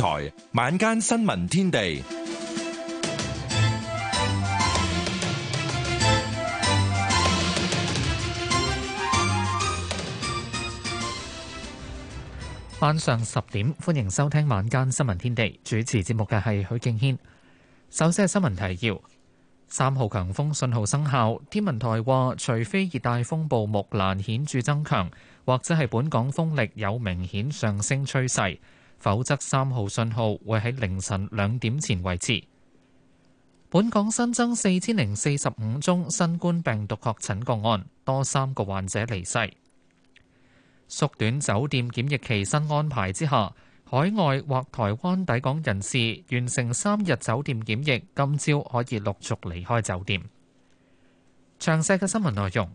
台晚間新聞天地，晚上十點，歡迎收聽晚間新聞天地。主持節目嘅係許敬軒。首先係新聞提要：三號強風信號生效。天文台話，除非熱帶風暴木蘭顯著增強，或者係本港風力有明顯上升趨勢。否則，三號信號會喺凌晨兩點前維持。本港新增四千零四十五宗新冠病毒確診個案，多三個患者離世。縮短酒店檢疫期新安排之下，海外或台灣抵港人士完成三日酒店檢疫，今朝可以陸續離開酒店。詳細嘅新聞內容，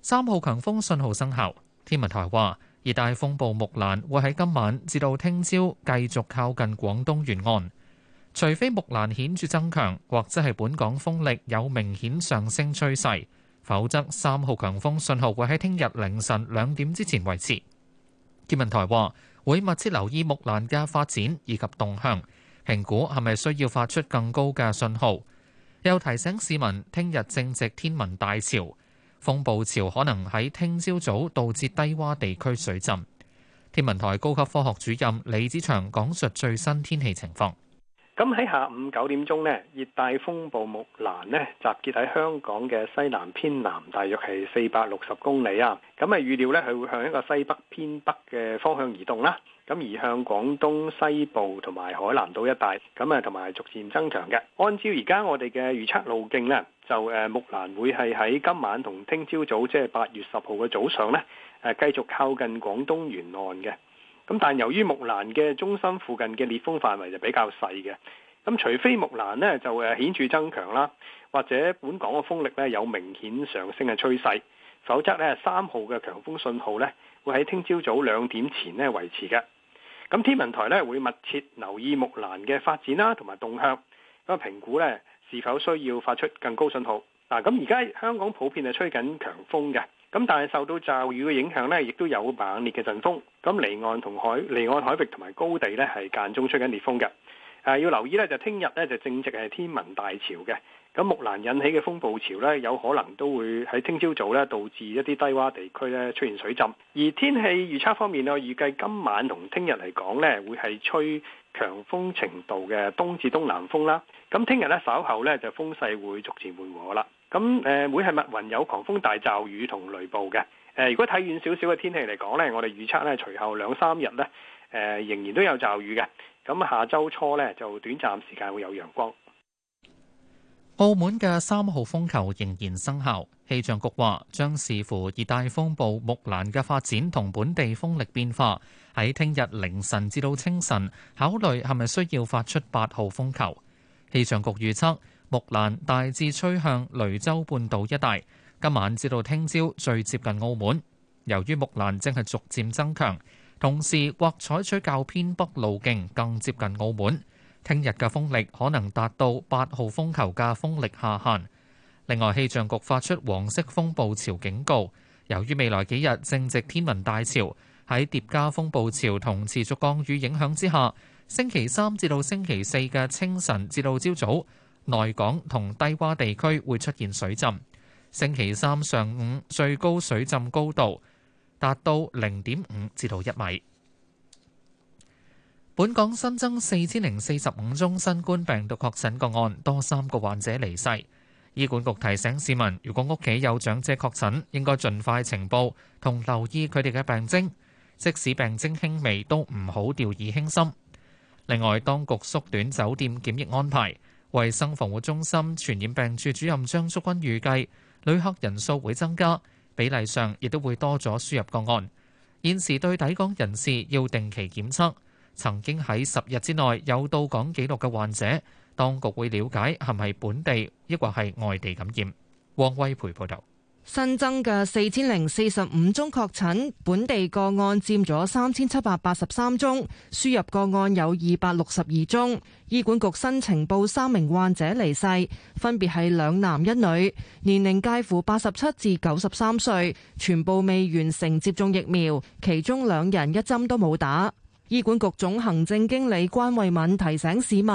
三號強風信號生效，天文台話。熱帶風暴木蘭會喺今晚至到聽朝繼續靠近廣東沿岸，除非木蘭顯著增強，或者係本港風力有明顯上升趨勢，否則三號強風信號會喺聽日凌晨兩點之前維持。天文台話會密切留意木蘭嘅發展以及動向，評估係咪需要發出更高嘅信號，又提醒市民聽日正值天文大潮，風暴潮可能喺聽朝早導致低洼地區水浸。天文台高級科學主任李子祥講述最新天氣情況。咁喺下午九點鐘咧，熱帶風暴木蘭咧集結喺香港嘅西南偏南，大約係四百六十公里啊。咁啊預料咧，佢會向一個西北偏北嘅方向移動啦。咁移向廣東西部同埋海南島一帶，咁啊同埋逐漸增強嘅。按照而家我哋嘅預測路徑咧。就誒木蘭會係喺今晚同聽朝早，即係八月十號嘅早上呢，誒繼續靠近廣東沿岸嘅。咁但由於木蘭嘅中心附近嘅烈風範圍就比較細嘅，咁除非木蘭呢就誒顯著增強啦，或者本港嘅風力呢有明顯上升嘅趨勢，否則呢三號嘅強風信號呢會喺聽朝早兩點前呢維持嘅。咁天文台呢會密切留意木蘭嘅發展啦，同埋動向，咁啊評估呢。是否需要發出更高信號？嗱、啊，咁而家香港普遍係吹緊強風嘅，咁但係受到驟雨嘅影響呢，亦都有猛烈嘅陣風。咁離岸同海離岸海域同埋高地呢，係間中吹緊烈風嘅。誒、啊，要留意呢，就聽日呢就正值係天文大潮嘅，咁木蘭引起嘅風暴潮呢，有可能都會喺聽朝早呢導致一啲低洼地區呢出現水浸。而天氣預測方面啊，我預計今晚同聽日嚟講呢，會係吹強風程度嘅東至東南風啦，咁聽日呢，稍後呢，就風勢會逐漸緩和啦。咁誒會係密雲有狂風大驟雨同雷暴嘅。誒如果睇遠少少嘅天氣嚟講呢，我哋預測呢，隨後兩三日呢，誒仍然都有驟雨嘅。咁下周初呢，就短暫時間會有陽光。澳門嘅三號風球仍然生效，氣象局話將視乎熱帶風暴木蘭嘅發展同本地風力變化。喺聽日凌晨至到清晨，考慮係咪需要發出八號風球。氣象局預測木蘭大致吹向雷州半島一帶，今晚至到聽朝最接近澳門。由於木蘭正係逐漸增強，同時或採取較偏北路徑，更接近澳門。聽日嘅風力可能達到八號風球嘅風力下限。另外，氣象局發出黃色風暴潮警告，由於未來幾日正值天文大潮。喺疊加風暴潮同持續降雨影響之下，星期三至到星期四嘅清晨至到朝早，內港同低窪地區會出現水浸。星期三上午最高水浸高度達到零點五至到一米。本港新增四千零四十五宗新冠病毒確診個案，多三個患者離世。醫管局提醒市民，如果屋企有長者確診，應該盡快呈報同留意佢哋嘅病徵。即使病徵輕微，都唔好掉以輕心。另外，當局縮短酒店檢疫安排。衛生防護中心傳染病處主任張竹君預計，旅客人數會增加，比例上亦都會多咗輸入個案。現時對抵港人士要定期檢測，曾經喺十日之內有到港記錄嘅患者，當局會了解係咪本地，抑或係外地感染。汪威培報道。新增嘅四千零四十五宗確診，本地個案占咗三千七百八十三宗，輸入個案有二百六十二宗。醫管局新呈報三名患者離世，分別係兩男一女，年齡介乎八十七至九十三歲，全部未完成接種疫苗，其中兩人一針都冇打。醫管局總行政經理關惠敏提醒市民，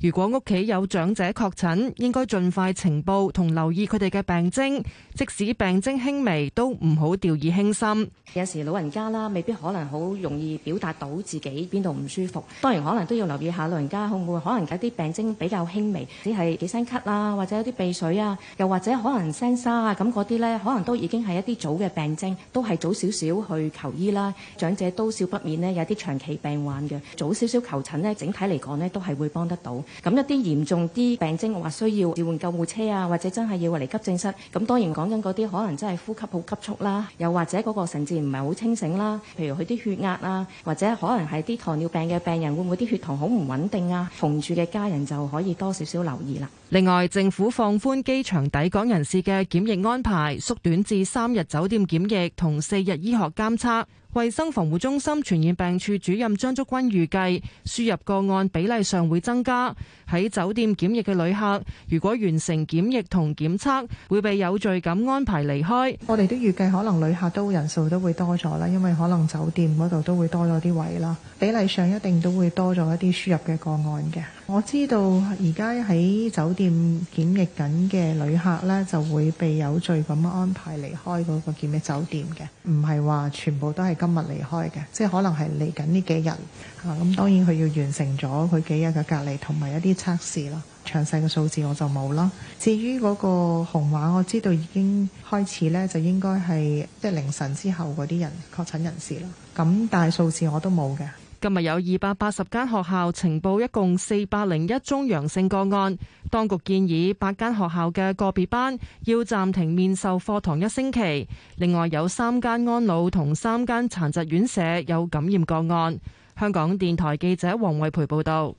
如果屋企有長者確診，應該盡快情報同留意佢哋嘅病徵，即使病徵輕微都唔好掉以輕心。有時老人家啦，未必可能好容易表達到自己邊度唔舒服，當然可能都要留意下老人家會唔會可能有啲病徵比較輕微，只係幾聲咳啊，或者有啲鼻水啊，又或者可能聲沙啊，咁嗰啲咧，可能都已經係一啲早嘅病徵，都係早少少去求醫啦。長者都少不免咧有啲長期。病患嘅早少少求診呢，整體嚟講呢都係會幫得到。咁一啲嚴重啲病症或需要召喚救護車啊，或者真係要嚟急症室，咁當然講緊嗰啲可能真係呼吸好急促啦，又或者嗰個神智唔係好清醒啦。譬如佢啲血壓啊，或者可能係啲糖尿病嘅病人會唔會啲血糖好唔穩定啊？逢住嘅家人就可以多少少留意啦。另外，政府放寬機場抵港人士嘅檢疫安排，縮短至三日酒店檢疫同四日醫學監測。 衛生防護中心傳染病處主任張竹君預計，輸入個案比例上會增加。喺酒店檢疫嘅旅客，如果完成檢疫同檢測，會被有序咁安排離開。我哋都預計可能旅客都人數都會多咗啦，因為可能酒店嗰度都會多咗啲位啦，比例上一定都會多咗一啲輸入嘅個案嘅。我知道而家喺酒店檢疫緊嘅旅客咧，就會被有序咁安排離開嗰個檢疫酒店嘅，唔係話全部都係今日離開嘅，即係可能係嚟緊呢幾日啊。咁、嗯、當然佢要完成咗佢幾日嘅隔離同埋一啲測試啦。詳細嘅數字我就冇啦。至於嗰個紅碼，我知道已經開始咧，就應該係即係凌晨之後嗰啲人確診人士啦。咁大數字我都冇嘅。今日有二百八十間學校呈報一共四百零一宗陽性個案，當局建議八間學校嘅個別班要暫停面授課堂一星期。另外有三間安老同三間殘疾院舍有感染個案。香港電台記者黃惠培報道。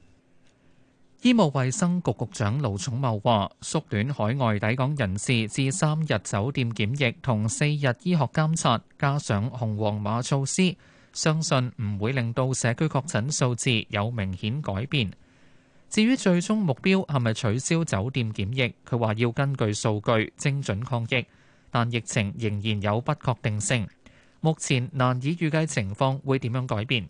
醫務衛生局局長盧寵茂話：縮短海外抵港人士至三日酒店檢疫同四日醫學監察，加上紅黃碼措施。相信唔會令到社區確診數字有明顯改變。至於最終目標係咪取消酒店檢疫，佢話要根據數據精準抗疫，但疫情仍然有不確定性，目前難以預計情況會點樣改變。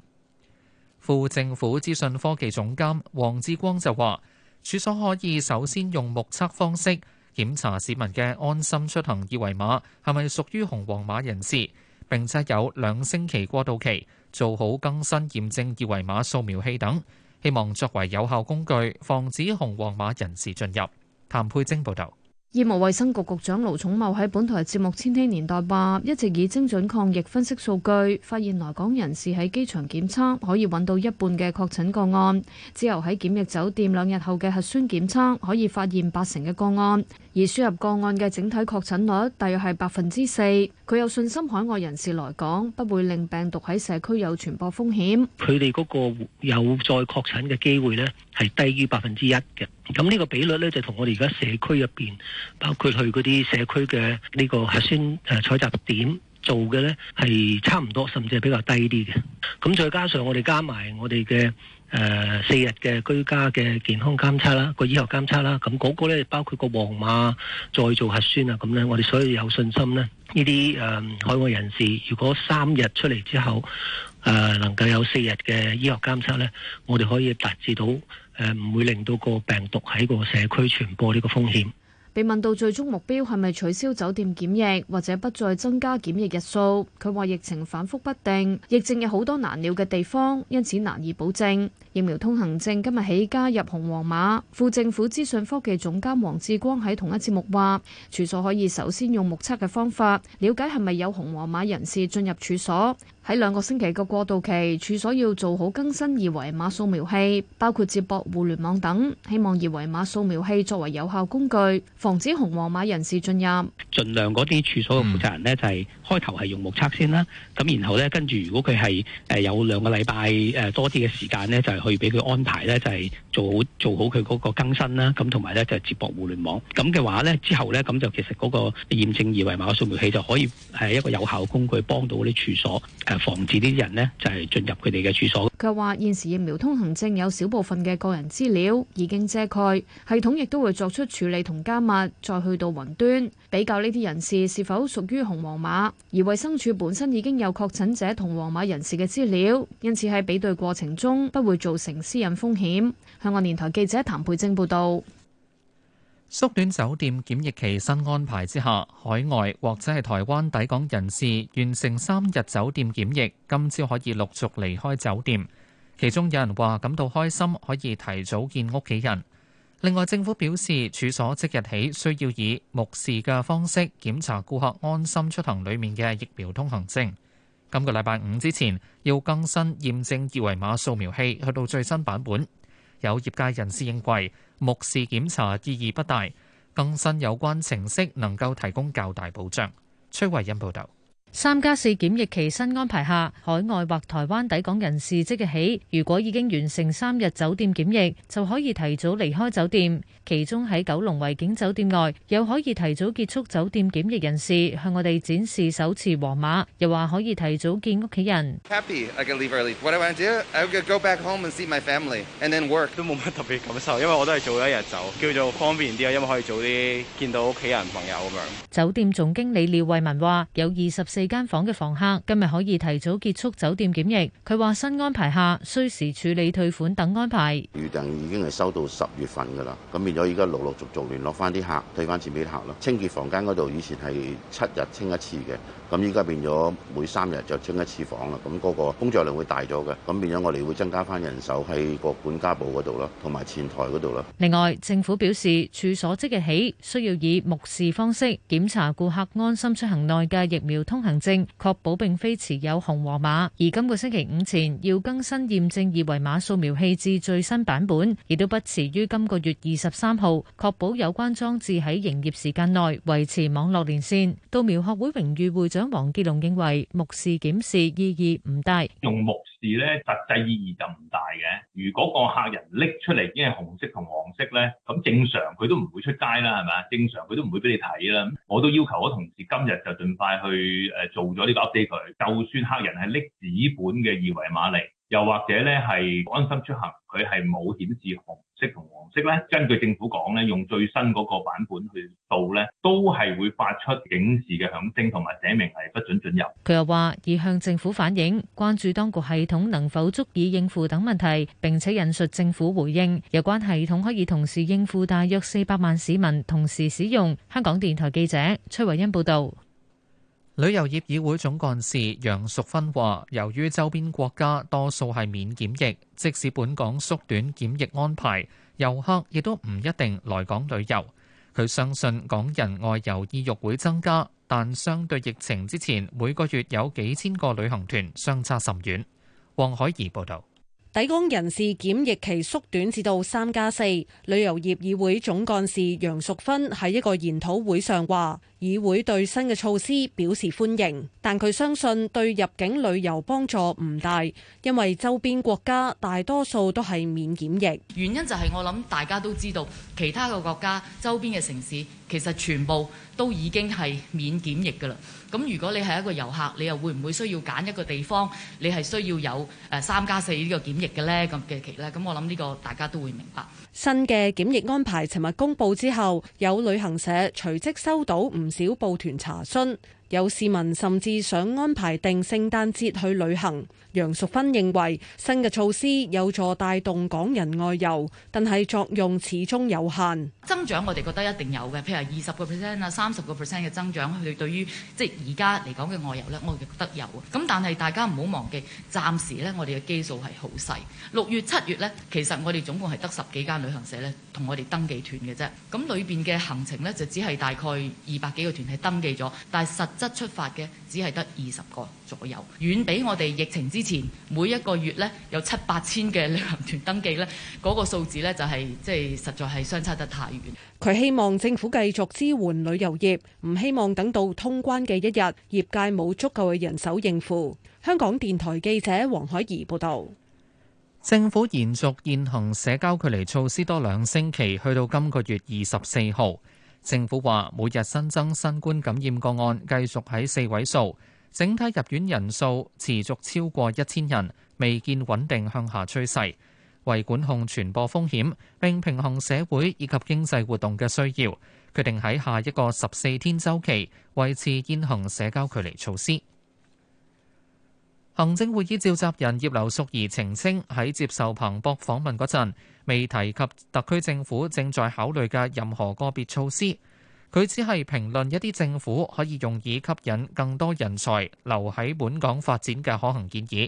副政府資訊科技總監黃志光就話處所可以首先用目測方式檢查市民嘅安心出行二維碼，係咪屬於紅黃碼人士。並且有兩星期過渡期，做好更新驗證二維碼掃描器等，希望作為有效工具，防止紅黃碼人士進入。譚佩晶報道。醫務衛生局局長盧寵茂喺本台節目《千禧年代》話，一直以精準抗疫分析數據，發現來港人士喺機場檢測可以揾到一半嘅確診個案，之後喺檢疫酒店兩日後嘅核酸檢測可以發現八成嘅個案，而輸入個案嘅整體確診率大約係百分之四。佢有信心海外人士來港不會令病毒喺社區有傳播風險。佢哋嗰個有再確診嘅機會呢，係低於百分之一嘅。咁呢個比率呢，就同我哋而家社區入邊，包括去嗰啲社區嘅呢個核酸誒、呃、採集點做嘅呢，係差唔多，甚至係比較低啲嘅。咁、嗯、再加上我哋加埋我哋嘅誒四日嘅居家嘅健康監測啦，個醫學監測啦，咁、啊、嗰、那個呢，包括個黃碼再做核酸啊，咁呢，我哋所以有信心呢，呢啲誒海外人士如果三日出嚟之後誒、呃、能夠有四日嘅醫學監測呢，我哋可以達至到。誒唔會令到個病毒喺個社區傳播呢個風險。被問到最終目標係咪取消酒店檢疫或者不再增加檢疫日數，佢話疫情反覆不定，疫症有好多難料嘅地方，因此難以保證。疫苗通行證今日起加入紅黃碼。副政府資訊科技總監黃志光喺同一節目話，處所可以首先用目測嘅方法，了解係咪有紅黃碼人士進入處所。喺兩個星期嘅過渡期，處所要做好更新二維碼掃描器，包括接駁互聯網等，希望二維碼掃描器作為有效工具，防止紅黃碼人士進入。盡量嗰啲處所嘅負責人呢，就係開頭係用目測先啦，咁然後咧跟住，如果佢係誒有兩個禮拜誒多啲嘅時間呢，就係去俾佢安排咧，就係做好做好佢嗰個更新啦，咁同埋咧就接駁互聯網。咁嘅話咧之後咧，咁就其實嗰個驗證二維碼嘅掃描器就可以係一個有效工具，幫到嗰啲處所。防止啲人呢就係、是、進入佢哋嘅住所。佢話現時疫苗通行證有少部分嘅個人資料已經遮蓋，系統亦都會作出處理同加密，再去到雲端比較呢啲人士是否屬於紅黃碼。而衛生署本身已經有確診者同黃碼人士嘅資料，因此喺比對過程中不會造成私隱風險。香港電台記者譚佩晶報道。縮短酒店檢疫期新安排之下，海外或者係台灣抵港人士完成三日酒店檢疫，今朝可以陸續離開酒店。其中有人話感到開心，可以提早見屋企人。另外，政府表示，處所即日起需要以目視嘅方式檢查顧客安心出行裡面嘅疫苗通行證。今個禮拜五之前，要更新驗證二維碼掃描器去到最新版本。有業界人士認為，目視檢查意義不大，更新有關程式能夠提供較大保障。崔慧欣報導。三加四檢疫期新安排下，海外或台灣抵港人士即日起，如果已經完成三日酒店檢疫，就可以提早離開酒店。其中喺九龍維景酒店外，又可以提早結束酒店檢疫人士向我哋展示首次黃碼，又話可以提早見屋企人。Happy, I can leave early. What I want to do, I will go back home and see my family and then work. 都冇乜特別感受，因為我都係早一日走，叫做方便啲啊，因為可以早啲見到屋企人朋友咁樣。酒店總經理廖惠文話：有二十四間房嘅房客今日可以提早結束酒店檢疫。佢話新安排下，需時處理退款等安排。預訂已經係收到十月份噶啦，咁變咗依家陸陸續續聯絡翻啲客，退翻錢俾客咯。清潔房間嗰度以前係七日清一次嘅，咁依家變咗每三日就清一次房啦。咁嗰個工作量會大咗嘅，咁變咗我哋會增加翻人手喺個管家部嗰度咯，同埋前台嗰度咯。另外，政府表示，處所即日起需要以目視方式檢查顧客安心出行內嘅疫苗通行證，確保並非持有紅黃碼，而今個星期五前要更新驗證二維碼掃描器至最新版本，亦都不遲於今個月二十三號，確保有關裝置喺營業時間內維持網絡連線。稻苗學會榮譽會長黃傑龍認為，目視檢視意義唔大，用目視呢實際意義就唔大嘅。如果個客人拎出嚟已經係紅色同黃色呢，咁正常佢都唔會出街啦，係咪？正常佢都唔會俾你睇啦。我都要求我同事今日就盡快去誒。做咗呢個 update 佢，就算客人係拎紙本嘅二維碼嚟，又或者咧係安心出行，佢係冇顯示紅色同黃色咧。根據政府講咧，用最新嗰個版本去到咧，都係會發出警示嘅響聲同埋寫明係不准進入。佢又話已向政府反映，關注當局系統能否足以應付等問題，並且引述政府回應有關系統可以同時應付大約四百萬市民同時使用。香港電台記者崔維欣報道。旅遊業議會總幹事楊淑芬話，由於周邊國家多數係免檢疫，即使本港縮短檢疫安排，遊客亦都唔一定來港旅遊。佢相信港人外遊意欲會增加，但相對疫情之前每個月有幾千個旅行團，相差甚遠。黃海怡報道。抵港人士檢疫期縮短至到三加四，旅遊業議會總幹事楊淑芬喺一個研討會上話：議會對新嘅措施表示歡迎，但佢相信對入境旅遊幫助唔大，因為周邊國家大多數都係免檢疫。原因就係我諗大家都知道，其他嘅國家周邊嘅城市其實全部都已經係免檢疫㗎啦。咁如果你係一個遊客，你又會唔會需要揀一個地方？你係需要有誒三加四呢個檢疫嘅呢？咁嘅期呢？咁我諗呢個大家都會明白。新嘅檢疫安排，尋日公布之後，有旅行社隨即收到唔少報團查詢。有市民甚至想安排定聖誕節去旅行。楊淑芬認為，新嘅措施有助帶動港人外遊，但係作用始終有限。增長我哋覺得一定有嘅，譬如二十個 percent 啊、三十個 percent 嘅增長，佢哋對於即係而家嚟講嘅外遊咧，我亦覺得有。咁但係大家唔好忘記，暫時咧我哋嘅基數係好細，六月七月咧，其實我哋總共係得十幾間旅行社咧，同我哋登記團嘅啫。咁裏邊嘅行程咧就只係大概二百幾個團係登記咗，但係實得出發嘅只係得二十個左右，遠比我哋疫情之前每一個月呢有七八千嘅旅行團登記呢，嗰個數字呢就係即係實在係相差得太遠。佢希望政府繼續支援旅遊業，唔希望等到通關嘅一日，業界冇足夠嘅人手應付。香港電台記者黃海怡報道。政府延續現行社交距離措施多兩星期，去到今個月二十四號。政府話，每日新增新冠感染個案繼續喺四位數，整體入院人數持續超過一千人，未見穩定向下趨勢。為管控傳播風險，並平衡社會以及經濟活動嘅需要，決定喺下一個十四天週期維持現行社交距離措施。行政會議召集人葉劉淑儀澄清，喺接受彭博訪問嗰陣，未提及特區政府正在考慮嘅任何個別措施。佢只係評論一啲政府可以用以吸引更多人才留喺本港發展嘅可行建議。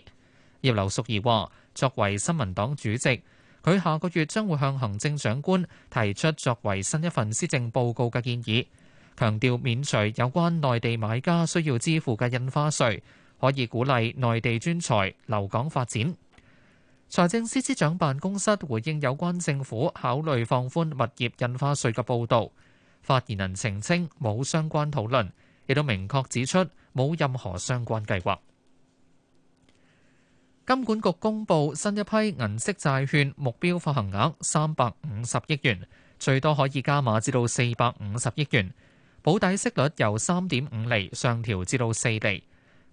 葉劉淑儀話：作為新民黨主席，佢下個月將會向行政長官提出作為新一份施政報告嘅建議，強調免除有關內地買家需要支付嘅印花稅。可以鼓勵內地專才留港發展。財政司司長辦公室回應有關政府考慮放寬物業印花稅嘅報道，發言人澄清冇相關討論，亦都明確指出冇任何相關計劃。金管局公布新一批銀色債券，目標發行額三百五十億元，最多可以加碼至到四百五十億元，保底息率由三點五厘上調至到四厘。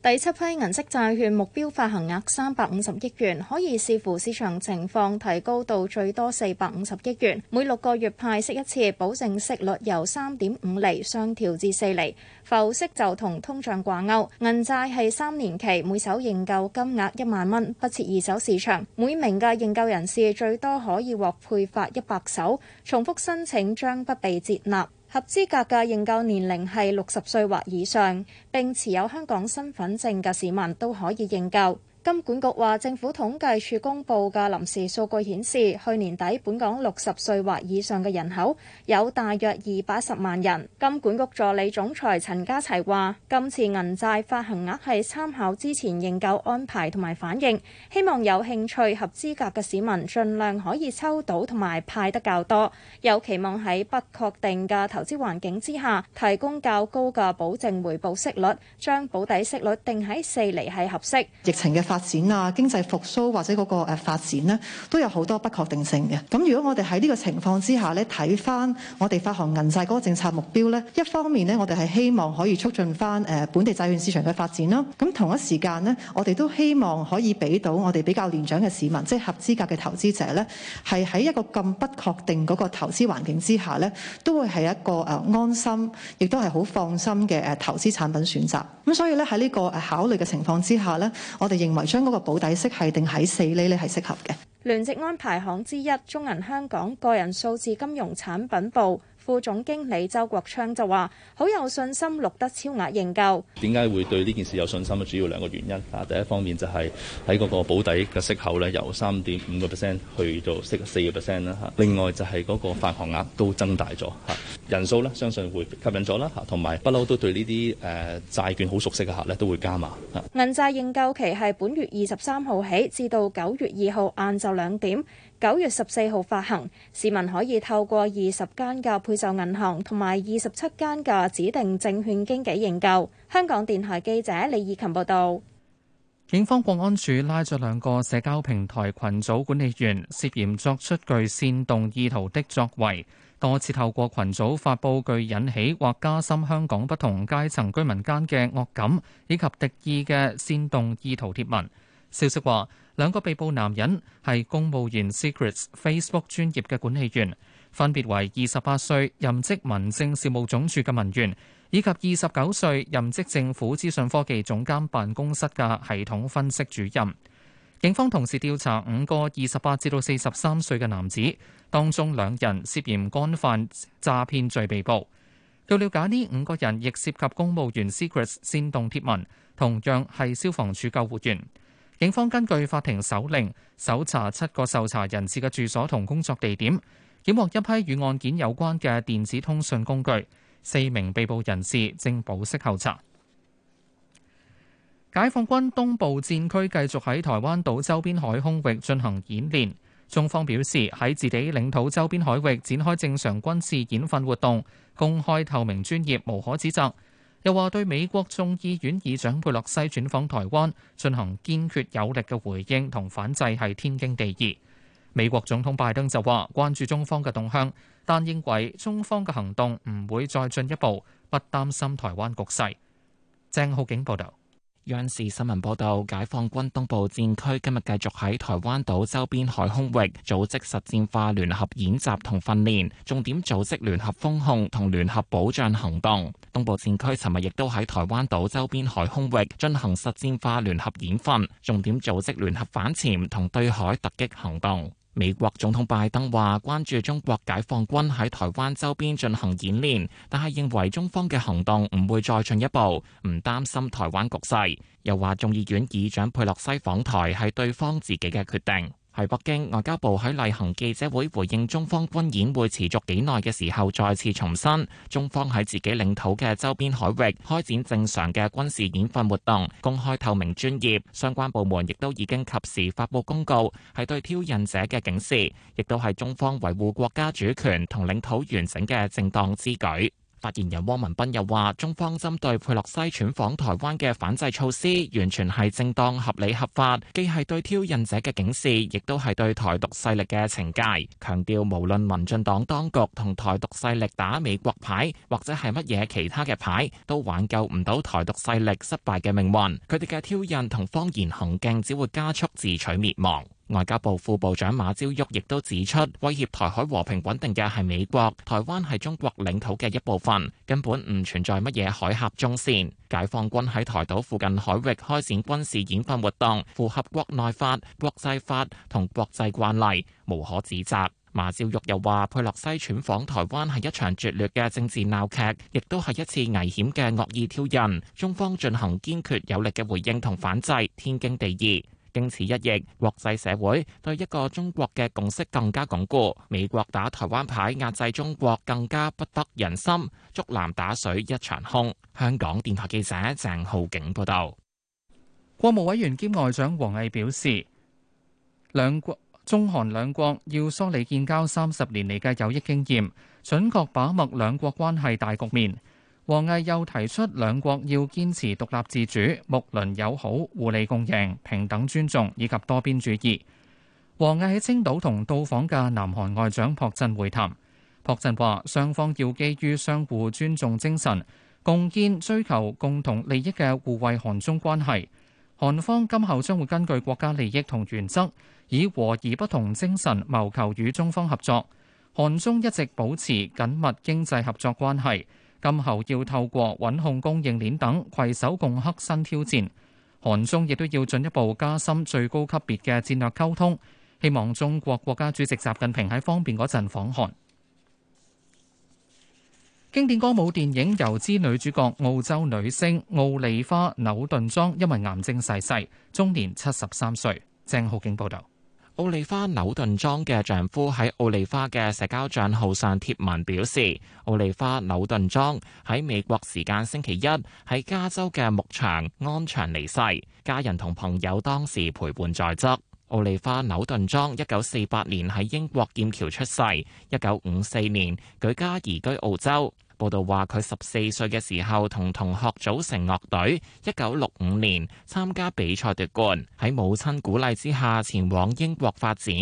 第七批銀色債券目標發行額三百五十億元，可以視乎市場情況提高到最多四百五十億元。每六個月派息一次，保證息率由三點五厘上調至四厘。浮息就同通脹掛鈎。銀債係三年期，每手認購金額一萬蚊，不設二手市場。每名嘅認購人士最多可以獲配發一百手，重複申請將不被接納。合資格嘅認購年齡係六十歲或以上，並持有香港身份證嘅市民都可以認購。金管局話政府統計處公布嘅臨時數據顯示，去年底本港六十歲或以上嘅人口有大約二百十萬人。金管局助理總裁陳家齊話，今次銀債發行額係參考之前認購安排同埋反應，希望有興趣合資格嘅市民盡量可以抽到同埋派得較多。有期望喺不確定嘅投資環境之下，提供較高嘅保證回報息率，將保底息率定喺四厘係合適。疫情嘅發展啊，經濟復甦或者嗰個誒發展呢，都有好多不確定性嘅。咁如果我哋喺呢個情況之下呢，睇翻我哋發行銀債嗰個政策目標呢，一方面呢，我哋係希望可以促進翻誒本地債券市場嘅發展啦。咁同一時間呢，我哋都希望可以俾到我哋比較年長嘅市民，即係合資格嘅投資者呢，係喺一個咁不確定嗰個投資環境之下呢，都會係一個誒安心，亦都係好放心嘅誒投資產品選擇。咁所以呢，喺呢個考慮嘅情況之下呢，我哋認台商嗰個保底息係定喺四厘咧，係適合嘅。聯席安排行之一，中銀香港個人數字金融產品部。副總經理周國昌就話：好有信心錄得超額認購。點解會對呢件事有信心咧？主要兩個原因啊。第一方面就係喺嗰個保底嘅息口咧，由三點五個 percent 去到四四個 percent 啦。另外就係嗰個發行額都增大咗嚇，人數咧相信會吸引咗啦嚇，同埋不嬲都對呢啲誒債券好熟悉嘅客咧都會加碼嚇。銀債認購期係本月二十三號起至到九月二號晏晝兩點。九月十四號發行，市民可以透過二十間嘅配售銀行同埋二十七間嘅指定證券經紀認購。香港電台記者李以琴報道。警方國安處拉咗兩個社交平台群組管理員涉嫌作出具煽動意圖的作為，多次透過群組發布具引起或加深香港不同階層居民間嘅惡感以及敵意嘅煽動意圖貼文。消息話，兩個被捕男人係公務員 Secrets Facebook 專頁嘅管理員，分別為二十八歲任職民政事務總署嘅文員，以及二十九歲任職政府資訊科技總監辦公室嘅系統分析主任。警方同時調查五個二十八至到四十三歲嘅男子，當中兩人涉嫌干犯詐騙罪被捕。據了解，呢五個人亦涉及公務員 Secrets 煽動貼文，同樣係消防處救護員。警方根據法庭手令，搜查七個受查人士嘅住所同工作地點，檢獲一批與案件有關嘅電子通訊工具。四名被捕人士正保釋候查。解放軍東部戰區繼續喺台灣島周邊海空域進行演練。中方表示喺自己領土周邊海域展開正常軍事演訓活動，公開透明專業，無可指責。又話對美國眾議院議長佩洛西轉訪台灣進行堅決有力嘅回應同反制係天經地義。美國總統拜登就話關注中方嘅動向，但認為中方嘅行動唔會再進一步，不擔心台灣局勢。鄭浩景報導。央視新聞報道，解放軍東部戰區今日繼續喺台灣島周邊海空域組織實戰化聯合演習同訓練，重點組織聯合封控同聯合保障行動。東部戰區尋日亦都喺台灣島周邊海空域進行實戰化聯合演訓，重點組織聯合反潛同對海突擊行動。美國總統拜登話關注中國解放軍喺台灣周邊進行演練，但係認為中方嘅行動唔會再進一步，唔擔心台灣局勢。又話眾議院議長佩洛西訪台係對方自己嘅決定。喺北京外交部喺例行記者會回應中方軍演會持續幾耐嘅時候，再次重申，中方喺自己領土嘅周邊海域開展正常嘅軍事演訓活動，公開透明專業，相關部門亦都已經及時發布公告，係對挑釁者嘅警示，亦都係中方維護國家主權同領土完整嘅正當之舉。發言人汪文斌又話，中方針對佩洛西竄訪台灣嘅反制措施，完全係正當、合理、合法，既係對挑釁者嘅警示，亦都係對台獨勢力嘅懲戒。強調，無論民進黨當局同台獨勢力打美國牌，或者係乜嘢其他嘅牌，都挽救唔到台獨勢力失敗嘅命運。佢哋嘅挑釁同謊言行徑只會加速自取滅亡。外交部副部長馬昭旭亦都指出，威脅台海和平穩定嘅係美國。台灣係中國領土嘅一部分，根本唔存在乜嘢海峽中線。解放軍喺台島附近海域開展軍事演訓活動，符合國內法、國際法同國際慣例，無可指責。馬昭旭又話，佩洛西竄訪台灣係一場拙劣嘅政治鬧劇，亦都係一次危險嘅惡意挑釁，中方進行堅決有力嘅回應同反制，天經地義。經此一役，國際社會對一個中國嘅共識更加鞏固。美國打台灣牌壓制中國，更加不得人心，竹籃打水一場空。香港電台記者鄭浩景報道。國務委員兼外長王毅表示，兩國中韓兩國要梳理建交三十年嚟嘅有益經驗，準確把握兩國關係大局面。王毅又提出，兩國要堅持獨立自主、睦鄰友好、互利共贏、平等尊重以及多邊主義。王毅喺青島同到訪嘅南韓外長朴振會談，朴振話：雙方要基於相互尊重精神，共建追求共同利益嘅互惠韓中關係。韓方今後將會根據國家利益同原則，以和而不同精神謀求與中方合作。韓中一直保持緊密經濟合作關係。今後要透過穩控供應鏈等攜手共克新挑戰。韓中亦都要進一步加深最高級別嘅戰略溝通，希望中國國家主席習近平喺方便嗰陣訪韓。 經典歌舞電影《油脂》女主角，澳洲女星奧利花紐頓莊因為癌症逝世，終年七十三歲。鄭浩景報道。奧利花紐頓莊嘅丈夫喺奧利花嘅社交賬號上貼文表示，奧利花紐頓莊喺美國時間星期一喺加州嘅牧場安詳離世，家人同朋友當時陪伴在側。奧利花紐頓莊一九四八年喺英國劍橋出世，一九五四年舉家移居澳洲。報道話，佢十四歲嘅時候同同學組成樂隊，一九六五年參加比賽奪冠。喺母親鼓勵之下，前往英國發展。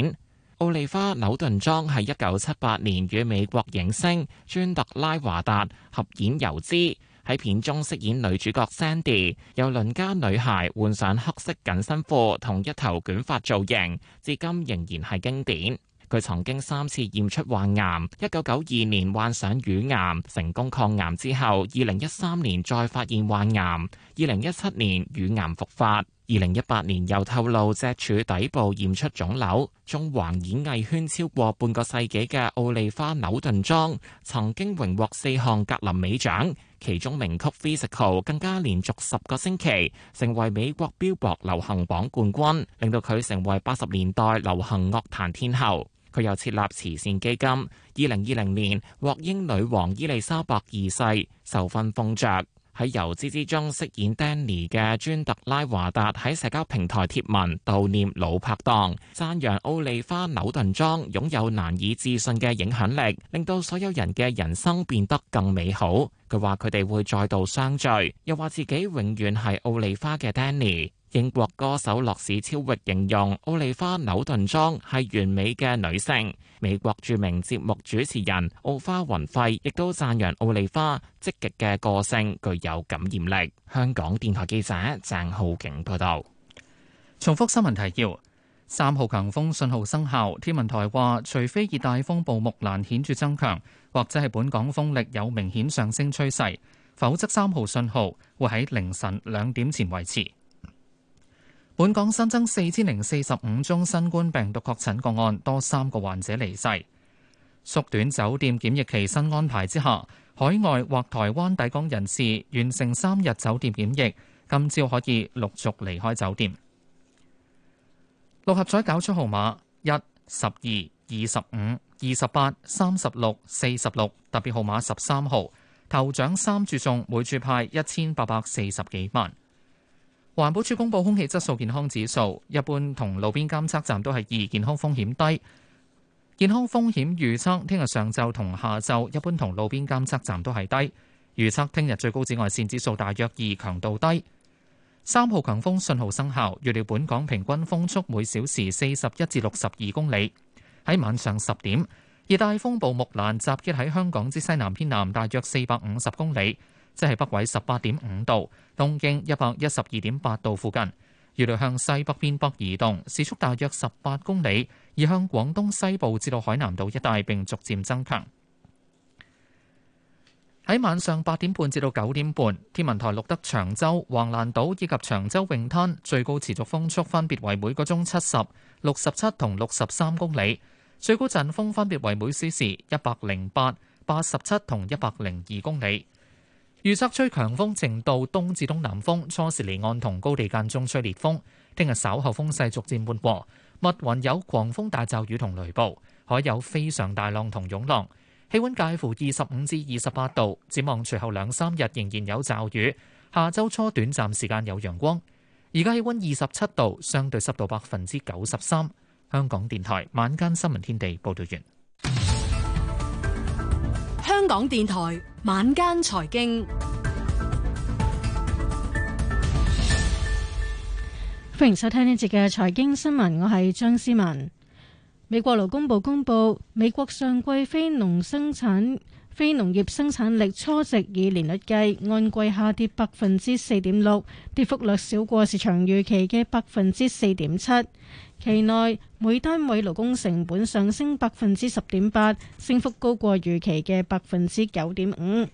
奧利花紐頓莊係一九七八年與美國影星尊特拉華達合演游《油脂》，喺片中飾演女主角 Sandy，由鄰家女孩換上黑色緊身褲同一頭捲發造型，至今仍然係經典。佢曾經三次驗出患癌，一九九二年患上乳癌，成功抗癌之後，二零一三年再發現患癌，二零一七年乳癌復發，二零一八年又透露脊柱底部驗出腫瘤。中環演藝圈超過半個世紀嘅奧利花紐頓莊，曾經榮獲四項格林美獎，其中名曲《Physical》更加連續十個星期成為美國 Billboard 流行榜冠軍，令到佢成為八十年代流行樂壇天后。佢又設立慈善基金。二零二零年，獲英女王伊麗莎白二世受勳封爵。喺油脂之中飾演 Danny 嘅尊特拉華達喺社交平台貼文悼念老拍檔，讚揚奧利花紐頓莊，莊擁有難以置信嘅影響力，令到所有人嘅人生變得更美好。佢話佢哋會再度相聚，又話自己永遠係奧利花嘅 Danny。英國歌手洛史超域形容奧利花紐頓莊，係完美嘅女性。美國著名節目主持人奧花雲費亦都讚揚奧利花積極嘅個性，具有感染力。香港電台記者鄭浩景報道。重複新聞提要：三號強風信號生效，天文台話，除非熱帶風暴木蘭顯著增強，或者係本港風力有明顯上升趨勢，否則三號信號會喺凌晨兩點前維持。本港新增四千零四十五宗新冠病毒確診個案，多三個患者離世。縮短酒店檢疫期新安排之下，海外或台灣抵港人士完成三日酒店檢疫，今朝可以陸續離開酒店。六合彩搞出號碼一、十二、二十五、二十八、三十六、四十六，特別號碼十三號，頭獎三注中，每注派一千八百四十幾萬。環保署公布空氣質素健康指數，一般同路邊監測站都係二，健康風險低。健康風險預測聽日上晝同下晝，一般同路邊監測站都係低。預測聽日最高紫外線指數大約二，強度低。三號強風信號生效，預料本港平均風速每小時四十一至六十二公里。喺晚上十點，熱帶風暴木蘭集結喺香港之西南偏南大約四百五十公里。即係北緯十八點五度，東經一百一十二點八度附近，預料向西北偏北移動，時速大約十八公里，而向廣東西部至到海南島一帶，並逐漸增強。喺晚上八點半至到九點半，天文台錄得長洲、橫瀾島以及長洲泳灘最高持續風速分別為每個鐘七十、六十七同六十三公里，最高陣風分別為每小時一百零八、八十七同一百零二公里。預測吹強風程度東至東南風，初時離岸同高地間中吹烈風。聽日稍後風勢逐漸緩和，密雲有狂風大驟雨同雷暴，海有非常大浪同湧浪。氣溫介乎二十五至二十八度。展望隨後兩三日仍然有驟雨，下周初短暫時間有陽光。而家氣溫二十七度，相對濕度百分之九十三。香港電台晚間新聞天地報道完。香港電台。晚間財經，歡迎收聽呢節嘅財經新聞。我係張思文。美國勞工部公布，公布美國上季非農生產非農業生產力初值以年率計，按季下跌百分之四點六，跌幅略少過市場預期嘅百分之四點七。期內每單位勞工成本上升百分之十點八，升幅高過預期嘅百分之九點五。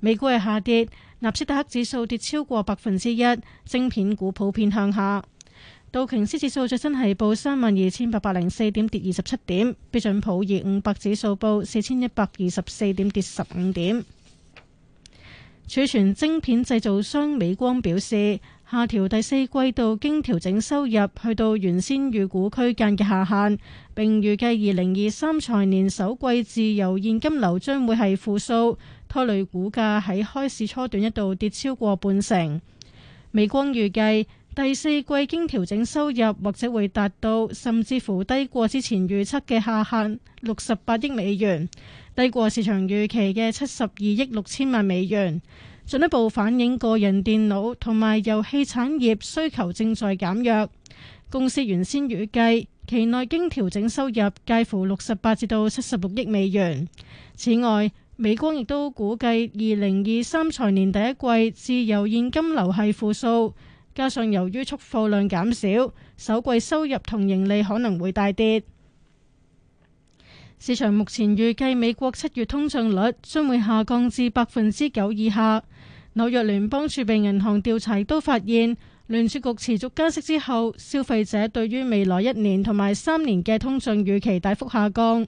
美股係下跌，納斯達克指數跌超過百分之一，晶片股普，普遍向下。道瓊斯指數最新係報三萬二千八百零四點，跌二十七點。標準普爾五百指數報四千一百二十四點，跌十五點。儲存晶片製造商美光表示。下調第四季度經調整收入去到原先預估區間嘅下限，並預計二零二三財年首季自由現金流將會係負數，拖累股價喺開市初段一度跌超過半成。美光預計第四季經調整收入或者會達到甚至乎低過之前預測嘅下限，六十八億美元，低過市場預期嘅七十二億六千萬美元。進一步反映個人電腦同埋遊戲產業需求正在減弱。公司原先預計期內經調整收入介乎六十八至到七十六億美元。此外，美光亦都估計二零二三財年第一季自由現金流係負數，加上由於出貨量減少，首季收入同盈利可能會大跌。市場目前預計美國七月通脹率將會下降至百分之九以下。紐約聯邦儲備銀行調查都發現，聯儲局持續加息之後，消費者對於未來一年同埋三年嘅通脹預期大幅下降。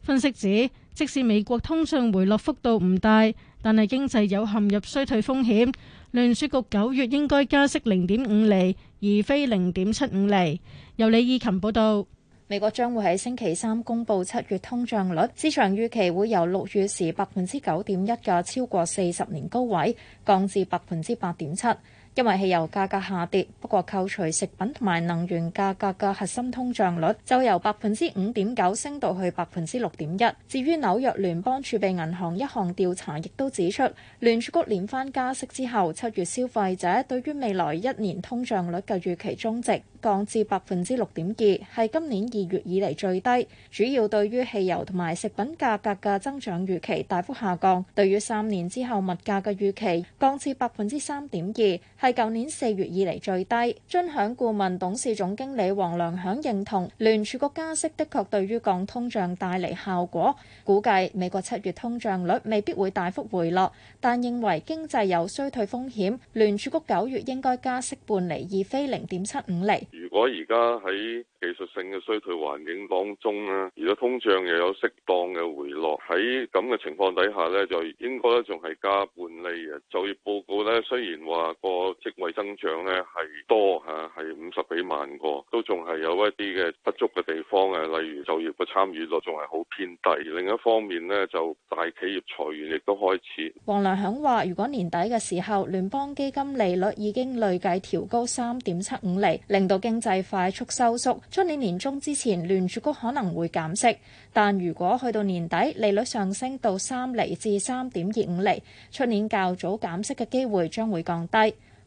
分析指，即使美國通脹回落幅度唔大，但係經濟有陷入衰退風險。聯儲局九月應該加息零點五厘，而非零點七五厘。由李義琴報道。美國將會喺星期三公佈七月通脹率，市場預期會由六月時百分之九點一嘅超過四十年高位，降至百分之八點七。因為汽油價格下跌，不過扣除食品同埋能源價格嘅核心通脹率就由百分之五點九升到去百分之六點一。至於紐約聯邦儲備銀行一項調查亦都指出，聯儲局連番加息之後，七月消費者對於未來一年通脹率嘅預期中值降至百分之六點二，係今年二月以嚟最低，主要對於汽油同埋食品價格嘅增長預期大幅下降，對於三年之後物價嘅預期降至百分之三點二，係舊年四月以嚟最低。津享顧問董事總經理黃良響認同聯儲局加息的確對於降通脹帶嚟效果，估計美國七月通脹率未必會大幅回落，但認為經濟有衰退風險，聯儲局九月應該加息半厘，而非零點七五厘。如果而家喺技術性嘅衰退環境當中咧，如果通脹又有適當嘅回落，喺咁嘅情況底下呢就應該仲係加半厘嘅。就業報告呢，雖然話個職位增長呢係多吓，係五十幾萬個，都仲係有一啲嘅不足嘅地方啊。例如就業嘅參與率仲係好偏低。另一方面呢就大企業裁員亦都開始。黃良響話，如果年底嘅時候聯邦基金利率已經累計調高三點七五厘，令到經濟快速收縮，出年年中之前聯儲局可能會減息。但如果去到年底利率上升到三厘至三點二五厘，出年較早減息嘅機會將會降低。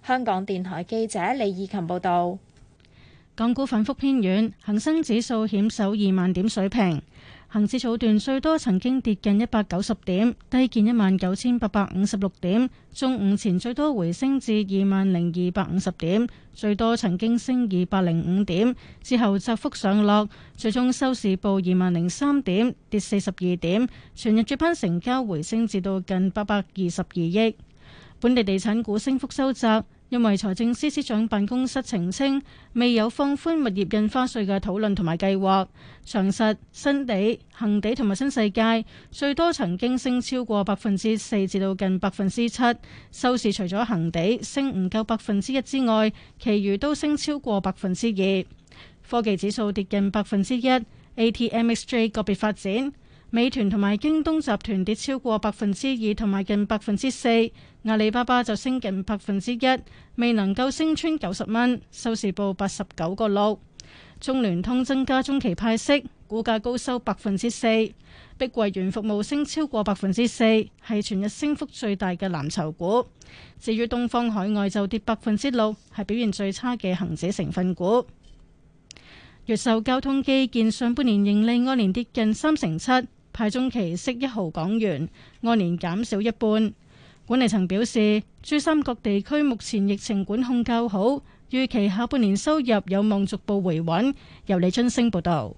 香港電台記者李以琴報道，港股反覆偏軟，恒生指數險守二萬點水平。恒指早段最多曾經跌近一百九十點，低見一萬九千八百五十六點。中午前最多回升至二萬零二百五十點，最多曾經升二百零五點之後，窄幅上落，最終收市報二萬零三點，跌四十二點。全日主板成交回升至到近八百二十二億。本地地產股升幅收窄。因為財政司司長辦公室澄清，未有放寬物業印花稅嘅討論同埋計劃。長實、新地、恒地同埋新世界最多曾經升超過百分之四，至到近百分之七。收市除咗恒地升唔夠百分之一之外，其餘都升超過百分之二。科技指數跌近百分之一。ATMXJ 個別發展。美團同埋京東集團跌超過百分之二，同埋近百分之四；阿里巴巴就升近百分之一，未能夠升穿九十蚊，收市報八十九個六。中聯通增加中期派息，股價高收百分之四。碧桂園服務升超過百分之四，係全日升幅最大嘅藍籌股。至於東方海外就跌百分之六，係表現最差嘅恒指成分股。越秀交通基建上半年盈利按年跌近三成七。派中期息一毫港元，按年減少一半。管理層表示，珠三角地區目前疫情管控較好，預期下半年收入有望逐步回穩，由李春升報道。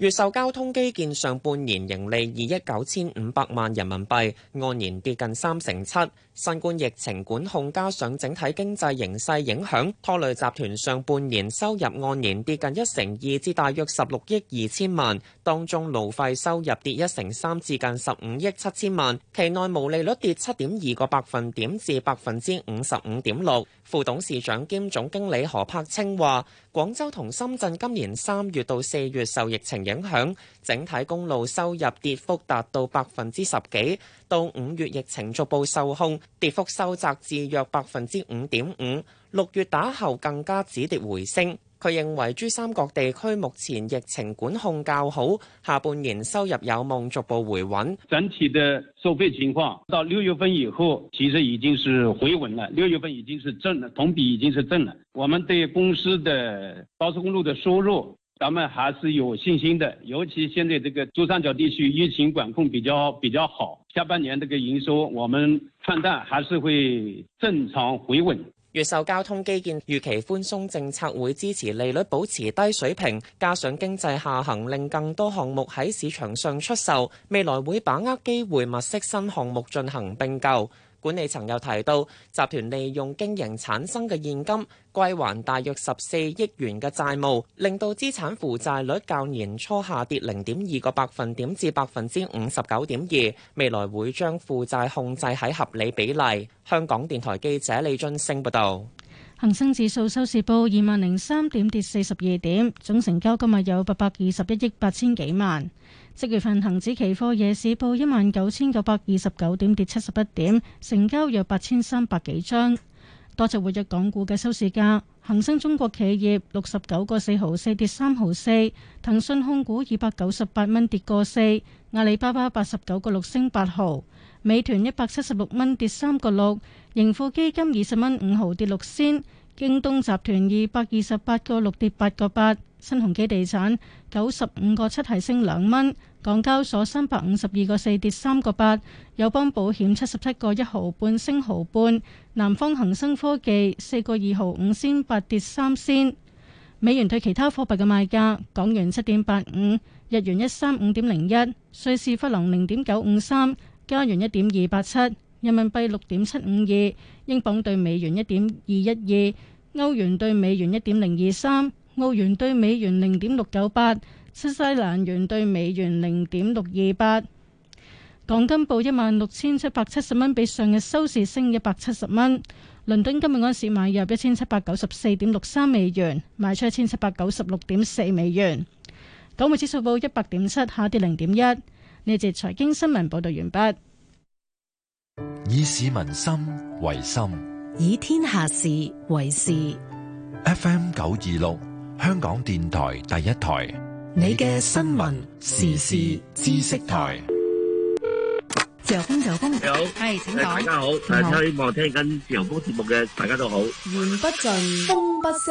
越秀交通基建上半年盈利二億九千五百萬人民幣，按年跌近三成七。新冠疫情管控加上整體經濟形勢影響，拖累集團上半年收入按年跌近一成二，至大約十六億二千萬。當中路費收入跌一成三，至近十五億七千萬。期內毛利率跌七點二個百分點，至百分之五十五點六。副董事長兼總經理何柏清話。廣州同深圳今年三月到四月受疫情影響，整體公路收入跌幅達到百分之十幾。到五月疫情逐步受控，跌幅收窄至約百分之五點五。六月打後更加止跌回升。佢認為珠三角地區目前疫情管控較好，下半年收入有望逐步回穩。整體的收費情況，到六月份以後，其實已經是回穩了。六月份已經是正了，同比已經是正了。我們對公司的高速公路的收入，咱們還是有信心的。尤其現在這個珠三角地區疫情管控比較比較好，下半年這個營收，我們判斷還是會正常回穩。越秀交通基建預期寬鬆政策會支持利率保持低水平，加上經濟下行，令更多項目喺市場上出售。未來會把握機會，物色新項目進行併購。管理層又提到，集團利用經營產生嘅現金歸還大約十四億元嘅債務，令到資產負債率較年初下跌零點二個百分點至百分之五十九點二。未來會將負債控制喺合理比例。香港電台記者李津升報道。恒生指數收市報二萬零三點，跌四十二點，總成交今日有八百二十一億八千幾萬。即月份恒指期貨夜市報一萬九千九百二十九點，跌七十一點，成交約八千三百幾張。多隻活躍港股嘅收市價：恒生中國企業六十九個四毫四跌三毫四；騰訊控股二百九十八蚊跌過四；阿里巴巴八十九個六升八毫；美團一百七十六蚊跌三個六；盈富基金二十蚊五毫跌六仙；京東集團二百二十八個六跌八個八；新鴻基地產九十五個七係升兩蚊。港交所三百五十二個四跌三個八，友邦保險七十七個一毫半升毫半，南方恒生科技四個二毫五先八跌三先。美元對其他貨幣嘅賣價：港元七點八五，日元一三五點零一，瑞士法郎零點九五三，加元一點二八七，人民幣六點七五二，英鎊對美元一點二一二，歐元對美元一點零二三，澳元對美元零點六九八。新西蘭元兌美元零點六二八，港金報一萬六千七百七十蚊，比上日收市升一百七十蚊。倫敦今日安市買入一千七百九十四點六三美元，賣出一千七百九十六點四美元。港匯指數報一百點七，下跌零點一。呢節財經新聞報道完畢。以市民心為心，以天下事為事。F.M. 九二六，香港電台第一台。你嘅新聞時事知識台，自由風自由風，由風你好係、hey，大家好，大家希望聽緊自由風節目嘅大家都好，言不盡風不息，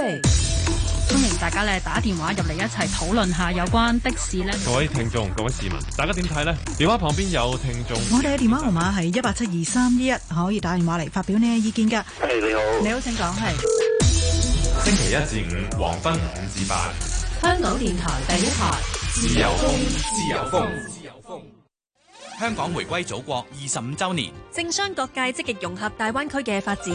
歡迎大家咧打電話入嚟一齊討論下有關的士呢。各位聽眾各位市民，大家點睇呢？電話旁邊有聽眾，我哋嘅電話號碼係一八七二三一一，可以打電話嚟發表你嘅意見噶。係、hey，你好，你好，請講係。星期一至五黃昏五至八。香港電台第一台，自由，自由風，自由風，自由風。香港回歸祖國二十五周年，政商各界積極融合大灣區嘅發展。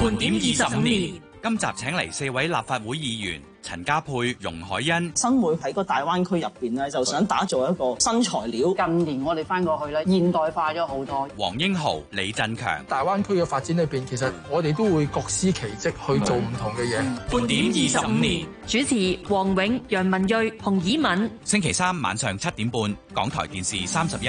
盤點二十五年，今集請嚟四位立法會議員。陳家沛、容海恩，生活喺個大灣區入邊呢，就想打造一個新材料。近年我哋返過去咧，現代化咗好多。黃英豪、李振強，大灣區嘅發展裏邊，其實我哋都會各司其職去做唔同嘅嘢。觀點二十五年，主持黃永、楊文瑞、洪綺敏。星期三晚上七點半，港台電視三十一。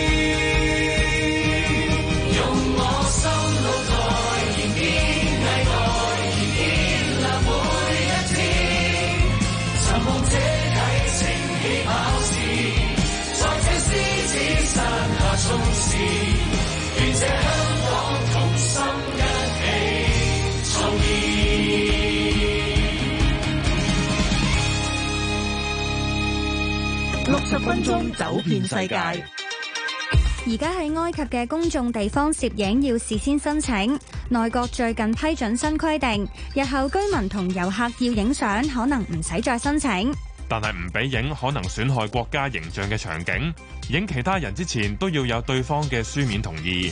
分鐘走遍世界。而家喺埃及嘅公眾地方攝影要事先申請。內閣最近批准新規定，日後居民同遊客要影相可能唔使再申請。但係唔俾影可能損害國家形象嘅場景，影其他人之前都要有對方嘅書面同意。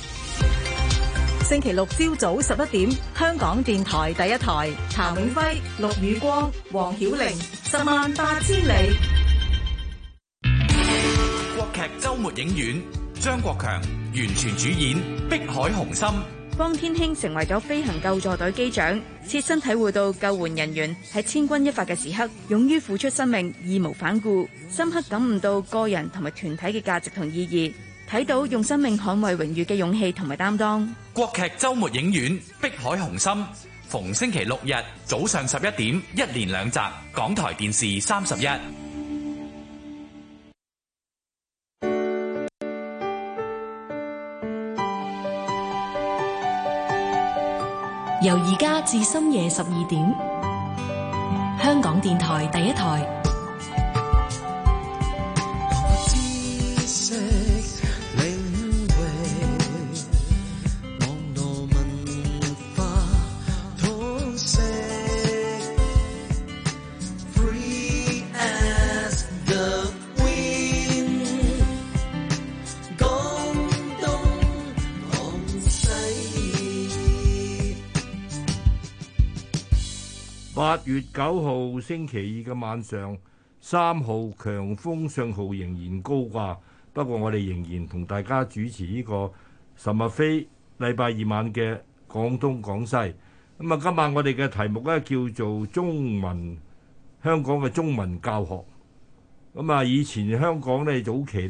星期六朝早十一點，香港電台第一台，譚永輝、陸宇光、黃曉玲，十萬八千里。劇周末影院，張國強完全主演《碧海雄心》，方天興成為咗飛行救助隊機長，切身體會到救援人員喺千鈞一發嘅時刻，勇於付出生命，義無反顧，深刻感悟到個人同埋團體嘅價值同意義，睇到用生命捍衛榮譽嘅勇氣同埋擔當。國劇周末影院《碧海雄心》，逢星期六日早上十一點，一連兩集，港台電視三十一。至深夜十二點，香港電台第一台。月九號星期二嘅晚上，三號強風信號仍然高掛。不過，我哋仍然同大家主持呢個岑日飛禮拜二晚嘅廣東廣西。咁啊，今晚我哋嘅題目呢，叫做中文，香港嘅中文教學。咁啊，以前香港呢，早期。